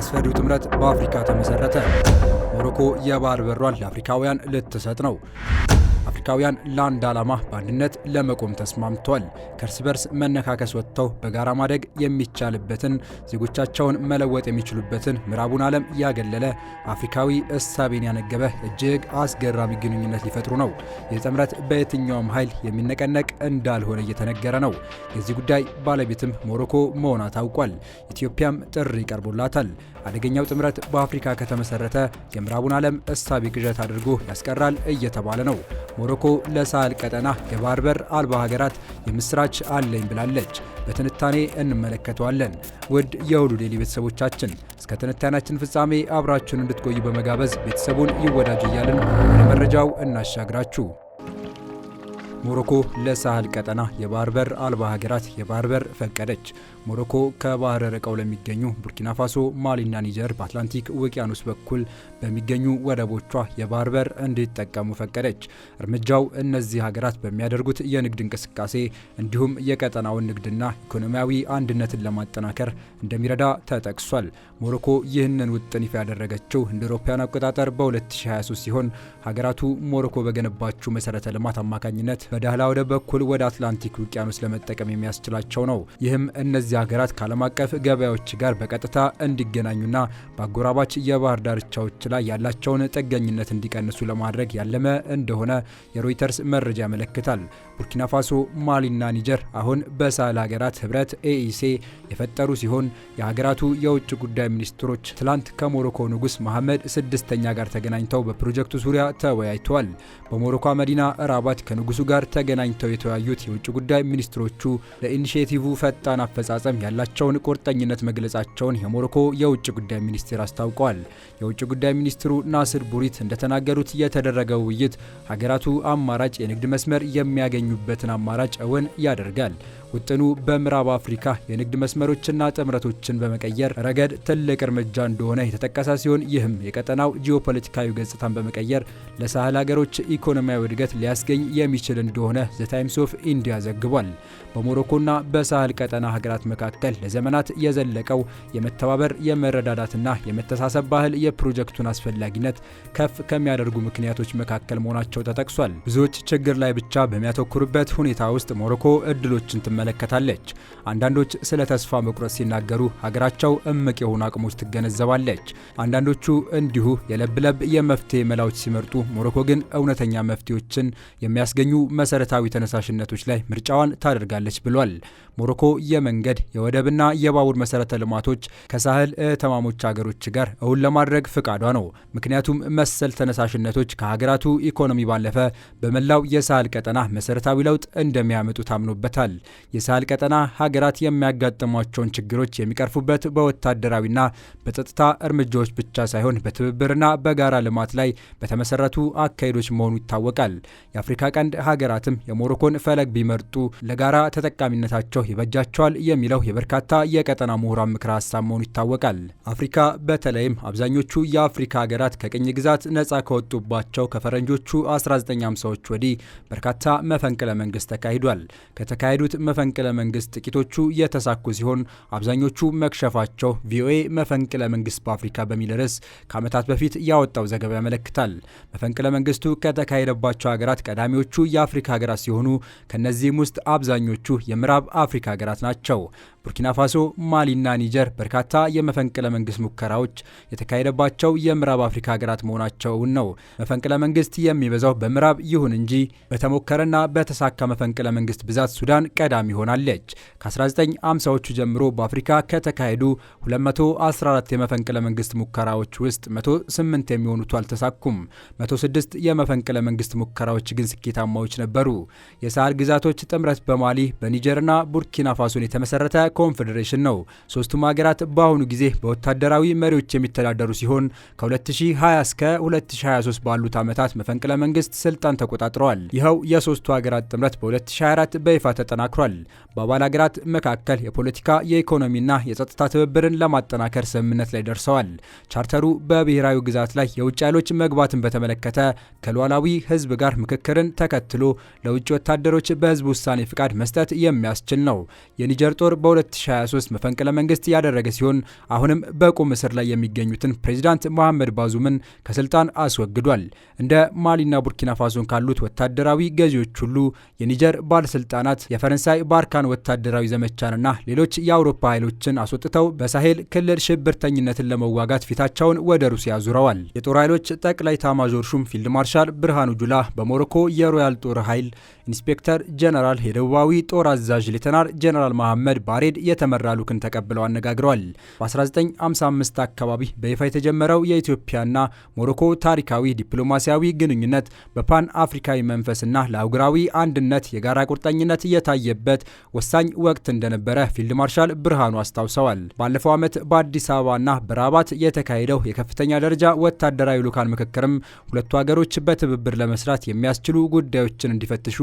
አስፈሪው ጥምረት በአፍሪካ ተመሰረተ። ሞሮኮ የባህር በሯን ለአፍሪካውያን ልትሰጥ ነው። አፍሪካውያን ለአንድ ዓላማ በአንድነት ለመቆም ተስማምተዋል። ከእርስ በርስ መነካከስ ወጥተው በጋራ ማደግ የሚቻልበትን ዜጎቻቸውን መለወጥ የሚችሉበትን ምዕራቡን ዓለም ያገለለ አፍሪካዊ እሳቤን ያነገበ እጅግ አስገራሚ ግንኙነት ሊፈጥሩ ነው። ይህ ጥምረት በየትኛውም ኃይል የሚነቀነቅ እንዳልሆነ እየተነገረ ነው። የዚህ ጉዳይ ባለቤትም ሞሮኮ መሆኗ ታውቋል። ኢትዮጵያም ጥሪ ቀርቦላታል። አደገኛው ጥምረት በአፍሪካ ከተመሰረተ የምዕራቡን ዓለም እሳቢ ቅዠት አድርጎ ያስቀራል እየተባለ ነው። ሞሮኮ ለሳህል ቀጠና የባህር በር አልባ ሀገራት የምስራች አለኝ ብላለች። በትንታኔ እንመለከተዋለን። ውድ የሁሉ ዴይሊ ቤተሰቦቻችን እስከ ትንታኔያችን ፍጻሜ አብራችሁን እንድትቆዩ በመጋበዝ ቤተሰቡን ይወዳጁ እያልን ወደ መረጃው እናሻግራችሁ። ሞሮኮ ለሳህል ቀጠና የባህር በር አልባ ሀገራት የባህር በር ፈቀደች። ሞሮኮ ከባህር ርቀው ለሚገኙ ቡርኪና ፋሶ፣ ማሊና ኒጀር በአትላንቲክ ውቅያኖስ በኩል በሚገኙ ወደቦቿ የባህር በር እንዲጠቀሙ ፈቀደች። እርምጃው እነዚህ ሀገራት በሚያደርጉት የንግድ እንቅስቃሴ እንዲሁም የቀጠናውን ንግድና ኢኮኖሚያዊ አንድነትን ለማጠናከር እንደሚረዳ ተጠቅሷል። ሞሮኮ ይህንን ውጥን ይፋ ያደረገችው እንደ አውሮፓውያን አቆጣጠር በ2023 ሲሆን ሀገራቱ ሞሮኮ በገነባችው መሰረተ ልማት አማካኝነት በዳህላ በኩል ወደ አትላንቲክ ውቅያኖስ ለመጠቀም የሚያስችላቸው ነው። ይህም እነዚህ ሀገራት ከዓለም አቀፍ ገበያዎች ጋር በቀጥታ እንዲገናኙና በአጎራባች የባህር ዳርቻዎች ላይ ያላቸውን ጥገኝነት እንዲቀንሱ ለማድረግ ያለመ እንደሆነ የሮይተርስ መረጃ ያመለክታል። ቡርኪና ፋሶ፣ ማሊና ኒጀር አሁን በሳህል ሀገራት ህብረት ኤኢሴ የፈጠሩ ሲሆን የሀገራቱ የውጭ ጉዳይ ሚኒስትሮች ትላንት ከሞሮኮ ንጉስ መሐመድ ስድስተኛ ጋር ተገናኝተው በፕሮጀክቱ ዙሪያ ተወያይተዋል። በሞሮኮ መዲና ራባት ከንጉሱ ጋር ጋር ተገናኝተው የተወያዩት የውጭ ጉዳይ ሚኒስትሮቹ ለኢኒሽቲቭ ፈጣን አፈጻጸም ያላቸውን ቁርጠኝነት መግለጻቸውን የሞሮኮ የውጭ ጉዳይ ሚኒስቴር አስታውቀዋል። የውጭ ጉዳይ ሚኒስትሩ ናስር ቡሪት እንደተናገሩት የተደረገው ውይይት ሀገራቱ አማራጭ የንግድ መስመር የሚያገኙበትን አማራጭ እውን ያደርጋል። ውጥኑ በምዕራብ አፍሪካ የንግድ መስመሮችና ጥምረቶችን በመቀየር ረገድ ትልቅ እርምጃ እንደሆነ የተጠቀሰ ሲሆን ይህም የቀጠናው ጂኦፖለቲካዊ ገጽታን በመቀየር ለሳህል ሀገሮች ኢኮኖሚያዊ እድገት ሊያስገኝ የሚችል እንደሆነ ዘ ታይምስ ኦፍ ኢንዲያ ዘግቧል። በሞሮኮና በሳህል ቀጠና ሀገራት መካከል ለዘመናት የዘለቀው የመተባበር የመረዳዳትና የመተሳሰብ ባህል የፕሮጀክቱን አስፈላጊነት ከፍ ከሚያደርጉ ምክንያቶች መካከል መሆናቸው ተጠቅሷል። ብዙዎች ችግር ላይ ብቻ በሚያተኩሩበት ሁኔታ ውስጥ ሞሮኮ እድሎችን ትመለከታለች። አንዳንዶች ስለ ተስፋ መቁረጥ ሲናገሩ ሀገራቸው እምቅ የሆኑ አቅሞች ትገነዘባለች። አንዳንዶቹ እንዲሁ የለብለብ የመፍትሄ መላዎች ሲመርጡ፣ ሞሮኮ ግን እውነተኛ መፍትሄዎችን የሚያስገኙ መሰረታዊ ተነሳሽነቶች ላይ ምርጫዋን ታደርጋለች ብሏል። ሞሮኮ የመንገድ የወደብና የባቡር መሰረተ ልማቶች ከሳህል እህትማማች ሀገሮች ጋር እውን ለማድረግ ፍቃዷ ነው። ምክንያቱም መሰል ተነሳሽነቶች ከሀገራቱ ኢኮኖሚ ባለፈ በመላው የሳህል ቀጠና መሰረታዊ ለውጥ እንደሚያመጡ ታምኖበታል። የሳህል ቀጠና ሀገራት የሚያጋጥሟቸውን ችግሮች የሚቀርፉበት በወታደራዊና በጸጥታ እርምጃዎች ብቻ ሳይሆን በትብብርና በጋራ ልማት ላይ በተመሰረቱ አካሄዶች መሆኑ ይታወቃል። የአፍሪካ ቀንድ ሀገራትም የሞሮኮን ፈለግ ቢመርጡ ለጋራ ተጠቃሚነታቸው ይበጃቸዋል የሚለው የበርካታ የቀጠና ምሁራን ምክረ ሀሳብ መሆኑ ይታወቃል። አፍሪካ በተለይም አብዛኞቹ የአፍሪካ ሀገራት ከቅኝ ግዛት ነጻ ከወጡባቸው ከፈረንጆቹ 1950ዎች ወዲህ በርካታ መፈንቅለ መንግስት ተካሂዷል። ከተካሄዱት መፈንቅለ መንግስት ጥቂቶቹ የተሳኩ ሲሆን አብዛኞቹ መክሸፋቸው ቪኦኤ መፈንቅለ መንግስት በአፍሪካ በሚል ርዕስ ከዓመታት በፊት ያወጣው ዘገባ ያመለክታል። መፈንቅለ መንግስቱ ከተካሄደባቸው ሀገራት ቀዳሚዎቹ የአፍሪካ ሀገራት ሲሆኑ ከእነዚህም ውስጥ አብዛኞቹ የምዕራብ አፍሪካ የአፍሪካ ሀገራት ናቸው። ቡርኪና ፋሶ፣ ማሊና ኒጀር በርካታ የመፈንቅለ መንግስት ሙከራዎች የተካሄደባቸው የምዕራብ አፍሪካ ሀገራት መሆናቸውን ነው። መፈንቅለ መንግስት የሚበዛው በምዕራብ ይሁን እንጂ በተሞከረና በተሳካ መፈንቅለ መንግስት ብዛት ሱዳን ቀዳሚ ሆናለች። ከ1950ዎቹ ጀምሮ በአፍሪካ ከተካሄዱ 214 የመፈንቅለ መንግስት ሙከራዎች ውስጥ 108 የሚሆኑት አልተሳኩም። 106 የመፈንቅለ መንግስት ሙከራዎች ግን ስኬታማዎች ነበሩ። የሳህል ግዛቶች ጥምረት በማሊ በኒጀርና ቡርኪና ፋሶን የተመሰረተ ኮንፌዴሬሽን ነው። ሶስቱም ሀገራት በአሁኑ ጊዜ በወታደራዊ መሪዎች የሚተዳደሩ ሲሆን ከ2020 እስከ 2023 ባሉት ዓመታት መፈንቅለ መንግስት ስልጣን ተቆጣጥረዋል። ይኸው የሶስቱ ሀገራት ጥምረት በ2024 በይፋ ተጠናክሯል። በአባል ሀገራት መካከል የፖለቲካ የኢኮኖሚና የጸጥታ ትብብርን ለማጠናከር ስምምነት ላይ ደርሰዋል። ቻርተሩ በብሔራዊ ግዛት ላይ የውጭ ኃይሎች መግባትን በተመለከተ ከሉዓላዊ ህዝብ ጋር ምክክርን ተከትሎ ለውጭ ወታደሮች በህዝብ ውሳኔ ፍቃድ መስጠት የሚያስችል ነው። የኒጀር ጦር በ 2023 መፈንቅለ መንግስት ያደረገ ሲሆን አሁንም በቁም እስር ላይ የሚገኙትን ፕሬዚዳንት መሐመድ ባዙምን ከስልጣን አስወግዷል። እንደ ማሊና ቡርኪና ፋሶን ካሉት ወታደራዊ ገዢዎች ሁሉ የኒጀር ባለስልጣናት የፈረንሳይ ባርካን ወታደራዊ ዘመቻንና ሌሎች የአውሮፓ ኃይሎችን አስወጥተው በሳሄል ክልል ሽብርተኝነትን ለመዋጋት ፊታቸውን ወደ ሩሲያ ዙረዋል። የጦር ኃይሎች ጠቅላይ ታማዦር ሹም ፊልድ ማርሻል ብርሃኑ ጁላ በሞሮኮ የሮያል ጦር ኃይል ኢንስፔክተር ጀነራል የደቡባዊ ጦር አዛዥ ሌተናር ጀነራል መሐመድ ባሬ ያሬድ የተመራ ሉክን ተቀብለው አነጋግረዋል። በ1955 አካባቢ በይፋ የተጀመረው የኢትዮጵያና ሞሮኮ ታሪካዊ ዲፕሎማሲያዊ ግንኙነት በፓን አፍሪካዊ መንፈስና ለአህጉራዊ አንድነት የጋራ ቁርጠኝነት የታየበት ወሳኝ ወቅት እንደነበረ ፊልድ ማርሻል ብርሃኑ አስታውሰዋል። ባለፈው ዓመት በአዲስ አበባና በራባት የተካሄደው የከፍተኛ ደረጃ ወታደራዊ ሉካን ምክክርም ሁለቱ ሀገሮች በትብብር ለመስራት የሚያስችሉ ጉዳዮችን እንዲፈትሹ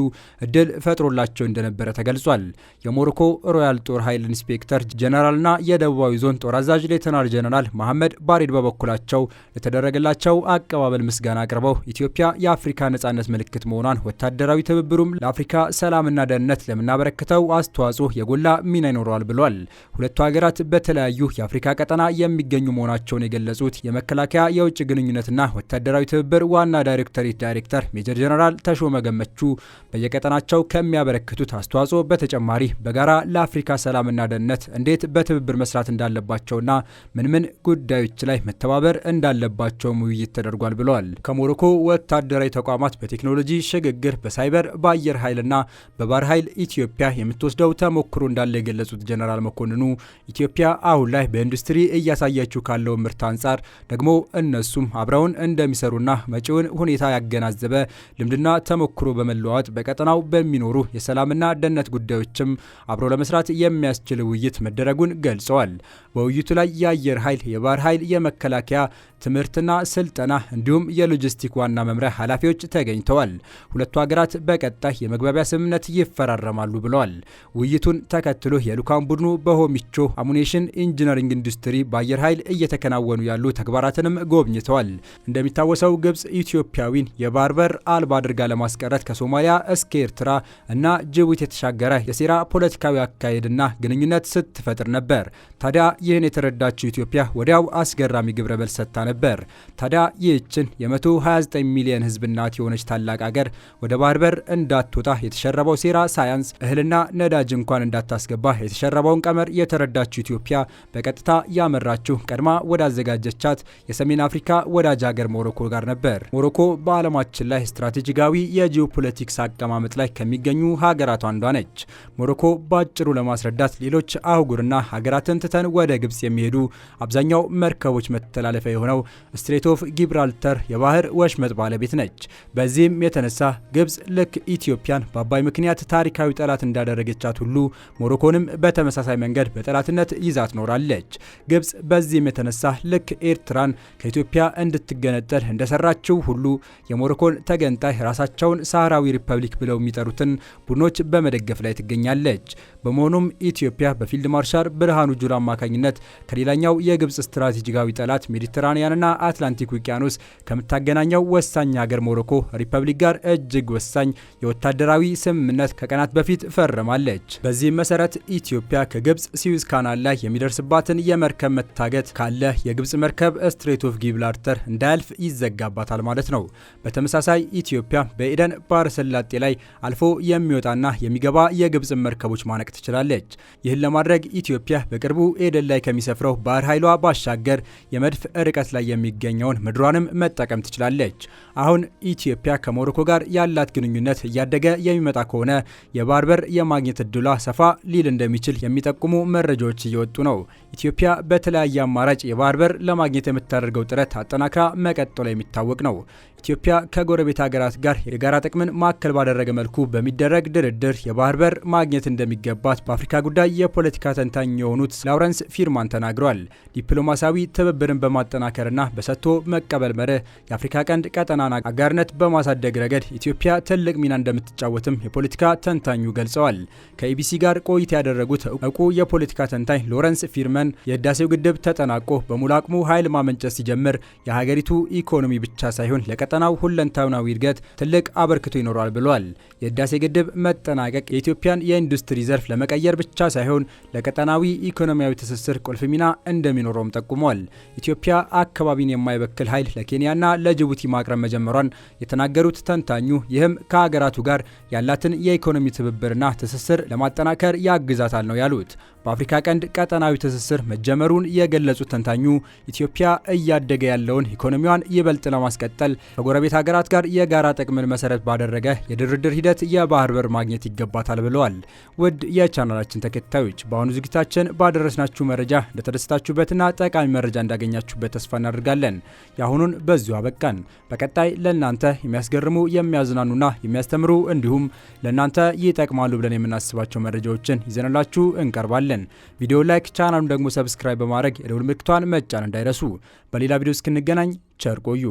እድል ፈጥሮላቸው እንደነበረ ተገልጿል። የሞሮኮ ሮያል ጦር ኃይል ኢንስፔክተር ጀነራልና የደቡባዊ ዞን ጦር አዛዥ ሌተናል ጀነራል መሐመድ ባሪድ በበኩላቸው ለተደረገላቸው አቀባበል ምስጋና አቅርበው ኢትዮጵያ የአፍሪካ ነጻነት ምልክት መሆኗን ወታደራዊ ትብብሩም ለአፍሪካ ሰላምና ደህንነት ለምናበረክተው አስተዋጽኦ የጎላ ሚና ይኖረዋል ብሏል። ሁለቱ ሀገራት በተለያዩ የአፍሪካ ቀጠና የሚገኙ መሆናቸውን የገለጹት የመከላከያ የውጭ ግንኙነትና ወታደራዊ ትብብር ዋና ዳይሬክተሬት ዳይሬክተር ሜጀር ጀነራል ተሾመ ገመቹ በየቀጠናቸው ከሚያበረክቱት አስተዋጽኦ በተጨማሪ በጋራ ለአፍሪካ ሰላም ሰላምና ደህንነት እንዴት በትብብር መስራት እንዳለባቸውና ምን ምን ጉዳዮች ላይ መተባበር እንዳለባቸውም ውይይት ተደርጓል ብለዋል። ከሞሮኮ ወታደራዊ ተቋማት በቴክኖሎጂ ሽግግር፣ በሳይበር፣ በአየር ኃይልና በባህር ኃይል ኢትዮጵያ የምትወስደው ተሞክሮ እንዳለ የገለጹት ጀነራል መኮንኑ ኢትዮጵያ አሁን ላይ በኢንዱስትሪ እያሳያችው ካለው ምርት አንጻር ደግሞ እነሱም አብረውን እንደሚሰሩና መጪውን ሁኔታ ያገናዘበ ልምድና ተሞክሮ በመለዋወጥ በቀጠናው በሚኖሩ የሰላምና ደህንነት ጉዳዮችም አብረው ለመስራት የሚያ የሚያስችል ውይይት መደረጉን ገልጸዋል። በውይይቱ ላይ የአየር ኃይል፣ የባህር ኃይል፣ የመከላከያ ትምህርትና ስልጠና እንዲሁም የሎጂስቲክ ዋና መምሪያ ኃላፊዎች ተገኝተዋል። ሁለቱ ሀገራት በቀጣይ የመግባቢያ ስምምነት ይፈራረማሉ ብለዋል። ውይይቱን ተከትሎ የሉካን ቡድኑ በሆሚቾ አሙኔሽን ኢንጂነሪንግ ኢንዱስትሪ በአየር ኃይል እየተከናወኑ ያሉ ተግባራትንም ጎብኝተዋል። እንደሚታወሰው ግብጽ ኢትዮጵያዊን የባህር በር አልባ አድርጋ ለማስቀረት ከሶማሊያ እስከ ኤርትራ እና ጅቡቲ የተሻገረ የሴራ ፖለቲካዊ አካሄድና ግንኙነት ስትፈጥር ነበር። ታዲያ ይህን የተረዳችው ኢትዮጵያ ወዲያው አስገራሚ ግብረ በል ሰጥታ ነበር። ታዲያ ይህችን የ129 ሚሊዮን ሕዝብ እናት የሆነች ታላቅ አገር ወደ ባህር በር እንዳትወጣ የተሸረበው ሴራ ሳያንስ እህልና ነዳጅ እንኳን እንዳታስገባ የተሸረበውን ቀመር የተረዳችው ኢትዮጵያ በቀጥታ ያመራችው ቀድማ ወዳዘጋጀቻት የሰሜን አፍሪካ ወዳጅ ሀገር ሞሮኮ ጋር ነበር። ሞሮኮ በዓለማችን ላይ ስትራቴጂካዊ የጂኦፖለቲክስ አቀማመጥ ላይ ከሚገኙ ሀገራት አንዷ ነች። ሞሮኮ በአጭሩ ለማስረዳት ሌሎች አህጉርና ሀገራትን ትተን ወደ ግብጽ የሚሄዱ አብዛኛው መርከቦች መተላለፊያ የሆነው ስትሬት ኦፍ ጊብራልተር የባህር ወሽመጥ ባለቤት ነች። በዚህም የተነሳ ግብፅ ልክ ኢትዮጵያን በአባይ ምክንያት ታሪካዊ ጠላት እንዳደረገቻት ሁሉ ሞሮኮንም በተመሳሳይ መንገድ በጠላትነት ይዛ ትኖራለች። ግብፅ በዚህም የተነሳ ልክ ኤርትራን ከኢትዮጵያ እንድትገነጠል እንደሰራችው ሁሉ የሞሮኮን ተገንጣይ ራሳቸውን ሳህራዊ ሪፐብሊክ ብለው የሚጠሩትን ቡድኖች በመደገፍ ላይ ትገኛለች። በመሆኑም ኢትዮ ኢትዮጵያ በፊልድ ማርሻል ብርሃኑ ጁላ አማካኝነት ከሌላኛው የግብፅ ስትራቴጂካዊ ጠላት ሜዲትራንያንና አትላንቲክ ውቅያኖስ ከምታገናኘው ወሳኝ ሀገር ሞሮኮ ሪፐብሊክ ጋር እጅግ ወሳኝ የወታደራዊ ስምምነት ከቀናት በፊት ፈርማለች። በዚህም መሰረት ኢትዮጵያ ከግብፅ ስዊዝ ካናል ላይ የሚደርስባትን የመርከብ መታገት ካለ የግብፅ መርከብ ስትሬት ኦፍ ጊብላርተር እንዳያልፍ ይዘጋባታል ማለት ነው። በተመሳሳይ ኢትዮጵያ በኤደን ባህረ ሰላጤ ላይ አልፎ የሚወጣና የሚገባ የግብፅ መርከቦች ማነቅ ትችላለች። ይህን ለማድረግ ኢትዮጵያ በቅርቡ ኤደን ላይ ከሚሰፍረው ባህር ኃይሏ ባሻገር የመድፍ ርቀት ላይ የሚገኘውን ምድሯንም መጠቀም ትችላለች። አሁን ኢትዮጵያ ከሞሮኮ ጋር ያላት ግንኙነት እያደገ የሚመጣ ከሆነ የባህር በር የማግኘት እድሏ ሰፋ ሊል እንደሚችል የሚጠቁሙ መረጃዎች እየወጡ ነው። ኢትዮጵያ በተለያየ አማራጭ የባህር በር ለማግኘት የምታደርገው ጥረት አጠናክራ መቀጠሏ የሚታወቅ ነው። ኢትዮጵያ ከጎረቤት ሀገራት ጋር የጋራ ጥቅምን ማዕከል ባደረገ መልኩ በሚደረግ ድርድር የባህር በር ማግኘት እንደሚገባት በአፍሪካ ጉዳይ የፖለቲካ ተንታኝ የሆኑት ላውረንስ ፊርማን ተናግሯል። ዲፕሎማሲያዊ ትብብርን በማጠናከርና በሰጥቶ መቀበል መርህ የአፍሪካ ቀንድ ቀጠናና አጋርነት በማሳደግ ረገድ ኢትዮጵያ ትልቅ ሚና እንደምትጫወትም የፖለቲካ ተንታኙ ገልጸዋል። ከኢቢሲ ጋር ቆይታ ያደረጉት እውቁ የፖለቲካ ተንታኝ ሎረንስ ፊርመን የህዳሴው ግድብ ተጠናቆ በሙሉ አቅሙ ኃይል ማመንጨት ሲጀምር የሀገሪቱ ኢኮኖሚ ብቻ ሳይሆን ለቀጠ ለቀጠናው ሁለንተናዊ እድገት ትልቅ አበርክቶ ይኖሯል ብሏል። የህዳሴ ግድብ መጠናቀቅ የኢትዮጵያን የኢንዱስትሪ ዘርፍ ለመቀየር ብቻ ሳይሆን ለቀጠናዊ ኢኮኖሚያዊ ትስስር ቁልፍ ሚና እንደሚኖረውም ጠቁሟል። ኢትዮጵያ አካባቢን የማይበክል ኃይል ለኬንያና ለጅቡቲ ማቅረብ መጀመሯን የተናገሩት ተንታኙ ይህም ከሀገራቱ ጋር ያላትን የኢኮኖሚ ትብብርና ትስስር ለማጠናከር ያግዛታል ነው ያሉት። በአፍሪካ ቀንድ ቀጠናዊ ትስስር መጀመሩን የገለጹት ተንታኙ ኢትዮጵያ እያደገ ያለውን ኢኮኖሚዋን ይበልጥ ለማስቀጠል ከጎረቤት ሀገራት ጋር የጋራ ጥቅምን መሰረት ባደረገ የድርድር ሂደት የባህር በር ማግኘት ይገባታል ብለዋል። ውድ የቻናላችን ተከታዮች በአሁኑ ዝግጅታችን ባደረስናችሁ መረጃ እንደተደሰታችሁበትና ጠቃሚ መረጃ እንዳገኛችሁበት ተስፋ እናደርጋለን። የአሁኑን በዚሁ አበቃን። በቀጣይ ለእናንተ የሚያስገርሙ የሚያዝናኑና የሚያስተምሩ እንዲሁም ለእናንተ ይጠቅማሉ ብለን የምናስባቸው መረጃዎችን ይዘንላችሁ እንቀርባለን። ቪዲዮ ላይክ፣ ቻናሉን ደግሞ ሰብስክራይብ በማድረግ የደውል ምልክቷን መጫን እንዳይረሱ። በሌላ ቪዲዮ እስክንገናኝ ቸር ቆዩ።